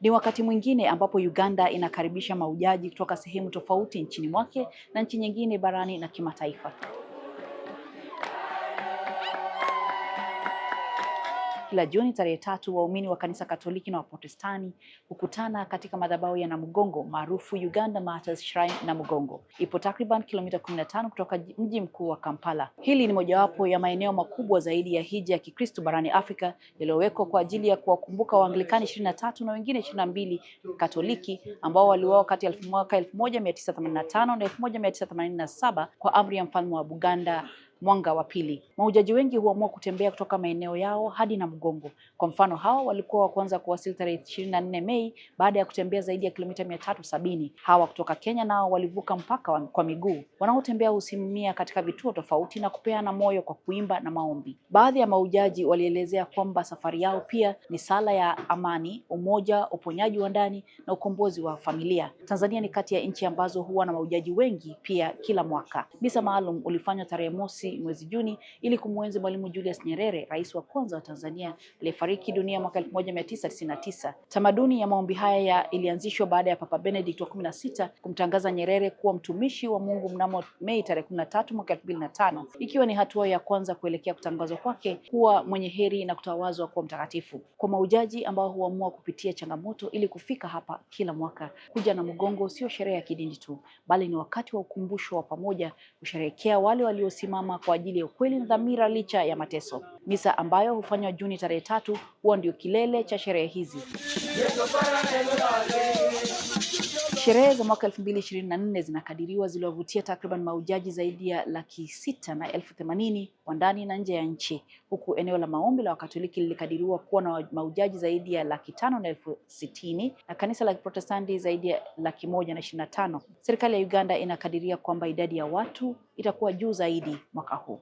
Ni wakati mwingine ambapo Uganda inakaribisha maujaji kutoka sehemu tofauti nchini mwake na nchi nyingine barani na kimataifa. Kila Juni tarehe tatu waumini wa kanisa Katoliki na Waprotestani hukutana katika madhabahu ya Namugongo maarufu Uganda Martyrs Shrine Namugongo. Ipo takriban kilomita 15 kutoka mji mkuu wa Kampala. Hili ni mojawapo ya maeneo makubwa zaidi ya hija ya Kikristo barani Afrika yaliyowekwa kwa ajili ya kuwakumbuka Waanglikani ishirini na tatu na wengine 22 mbili Katoliki ambao waliuawa kati ya mwaka 1985 na 1987 kwa amri ya mfalme wa Buganda mwanga wa pili. Mahujaji wengi huamua kutembea kutoka maeneo yao hadi na mgongo Kwa mfano, hawa walikuwa wa kwanza kuwasili tarehe ishirini na nne Mei baada ya kutembea zaidi ya kilomita mia tatu sabini. Hawa kutoka Kenya nao walivuka mpaka wa, kwa miguu. Wanaotembea husimamia katika vituo tofauti na kupeana moyo kwa kuimba na maombi. Baadhi ya mahujaji walielezea kwamba safari yao pia ni sala ya amani, umoja, uponyaji wa ndani na ukombozi wa familia. Tanzania ni kati ya nchi ambazo huwa na mahujaji wengi pia kila mwaka. Bisa maalum ulifanywa tarehe mosi mwezi, Juni ili kumwenzi Mwalimu Julius Nyerere, rais wa kwanza wa Tanzania aliyefariki dunia mwaka 1999. Tamaduni ya maombi haya ilianzishwa baada ya Papa Benedict wa 16 kumtangaza Nyerere kuwa mtumishi wa Mungu mnamo Mei tarehe 13 mwaka 2005, ikiwa ni hatua ya kwanza kuelekea kutangazwa kwake kuwa mwenye heri na kutawazwa kuwa mtakatifu. Kwa maujaji ambao huamua kupitia changamoto ili kufika hapa kila mwaka, kuja na mgongo sio sherehe ya kidini tu, bali ni wakati wa ukumbusho wa pamoja kusherehekea wale waliosimama kwa ajili ya ukweli na dhamira licha ya mateso. Misa ambayo hufanywa Juni tarehe tatu huwa ndio kilele cha sherehe hizi. Sherehe za mwaka 2024 zinakadiriwa ziliwavutia takriban maujaji zaidi ya laki sita na elfu themanini wa ndani na nje ya nchi, huku eneo la maombi la Wakatoliki lilikadiriwa kuwa na maujaji zaidi ya laki tano na elfu sitini na kanisa la Protestanti zaidi ya laki moja na ishirini na tano. Serikali ya Uganda inakadiria kwamba idadi ya watu itakuwa juu zaidi mwaka huu.